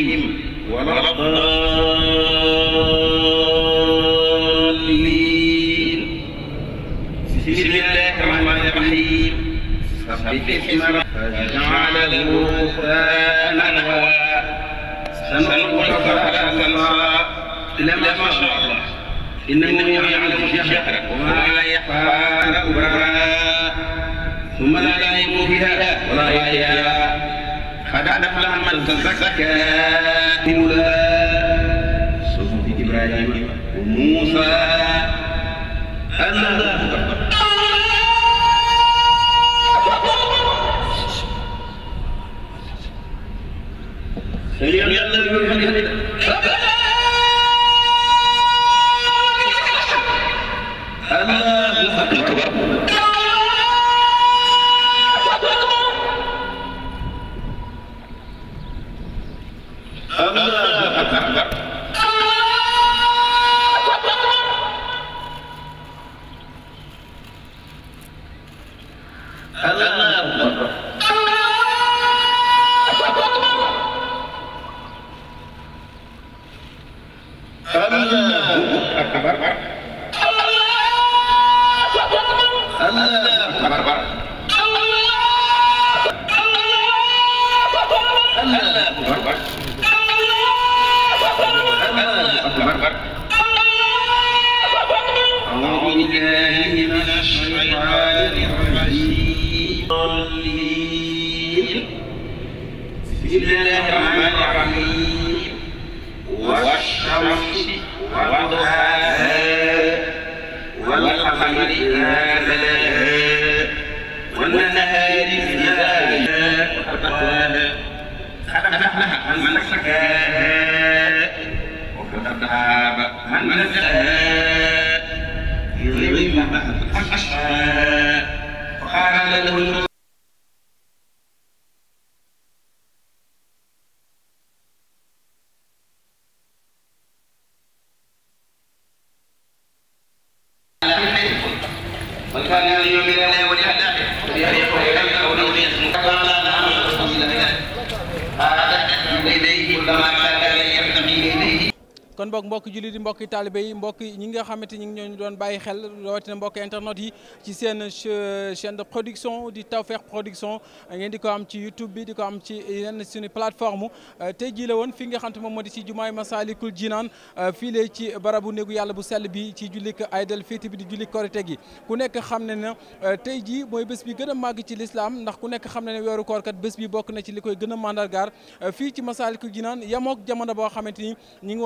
ولا الضالين بسم الله الرحمن الرحيم سبح اسم ربك جعله قرآنا نحوا سنقرأك فلا تنسى لما شاء الله إنه يعلم الجهر وما يخفى على ثم لا يموت بها ولا يحيا قد أفلح من تزكى أولى صحف إبراهيم وموسى الله أكبر سيدنا يلا الله الله أكبر الله أكبر الله أكبر الله أكبر Allah Akbar. أكبر أعوذ بالله من الشيطان الرجيم بسم الله الرحمن الرحيم والشمس وضحاها والقمر إذا تلاها والنهار إذا تلاها خلق لها من سكاها الأبهاب من نزلها يغيب أشعى فقال له وكان اليوم لا kon boog mbokk jullit yi mbokki taalibé yi mbokk ñi nga xamante ñi ngi ñooñu doon bàyyi xel rawatina mbokk internet yi ci seen chaîne de production di Tawfekh Production ngeen di ko am ci YouTube bi di ko am ci yenn suñu plateforme euh, tey jii la woon fi nga xam moom moo di ci jumaay Masaalikul Jinaan euh, fii lee ci barabu néegu yàlla bu sell bi ci jullik Aydal Fitr bi di jullik Korite gi ku nekk xam ne na euh, tey jii mooy bés bi gën a màgg ci lislaam ndax ku nekk xam ne ne weeru koor kat bés bi bokk na ci li koy gën a mandargaar fii ci Masaalikul Jinaan yamook jamono boo xamante ni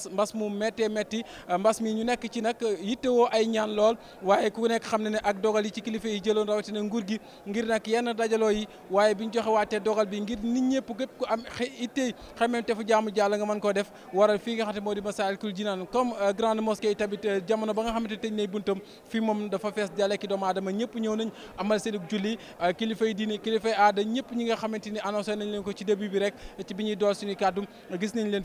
mbas mbas mu méttee métti euh, mbas mi ñu nekk ci nag euh, yittewoo ay ñaan lool waaye ku nekk xam ne ne ak dogal yi ci kilifa yi jëloon rawatina nguur gi ngir nag yenn dajaloo yi waaye biñ joxe waatee dogal bi ngir nit ñëpp képp ku am ittey xamem te fu jaamu jàll nga mën koo def waral fii nga xam ne moo di Masaalikul Jinaan comme euh, grande mosquée yi tamit jamono ba nga xamante tëj nay buntam fii moom dafa fees dale ki doomu aadama ñëpp ñëw nañ amal seen julli kilifa yi diine kilifa yi aada ñëpp ñi nga xamante ni annoncé nañ leen ko ci début bi rek ñuy door suñuy kàddu gis nañ leen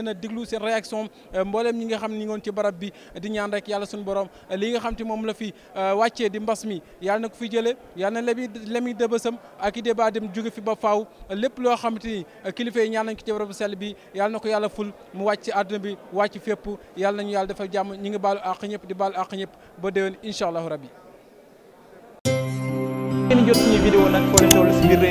leen a déglu seen réaction euh, mbooleem ñi nga xam ni ngoon ci barab bi di ñaan rek yàlla suñu borom euh, li nga xam te moom la fi euh, wàccee di mbas mi yàlla na ko fi jëlee yàlla na lemi lemi dëbësam ak i débat dem jóge fi ba faaw lépp loo xam te kilifa yi ñaan nañ ko ci barab sell bi yàlla na ko yàlla ful mu wàcc ci àdduna bi wàcc fépp yàlla nañu yàlla dafa jàmm ñi ngi baalu àq ñëpp di baalu àq ñëpp ba déwén incha allahu rabbi ngeen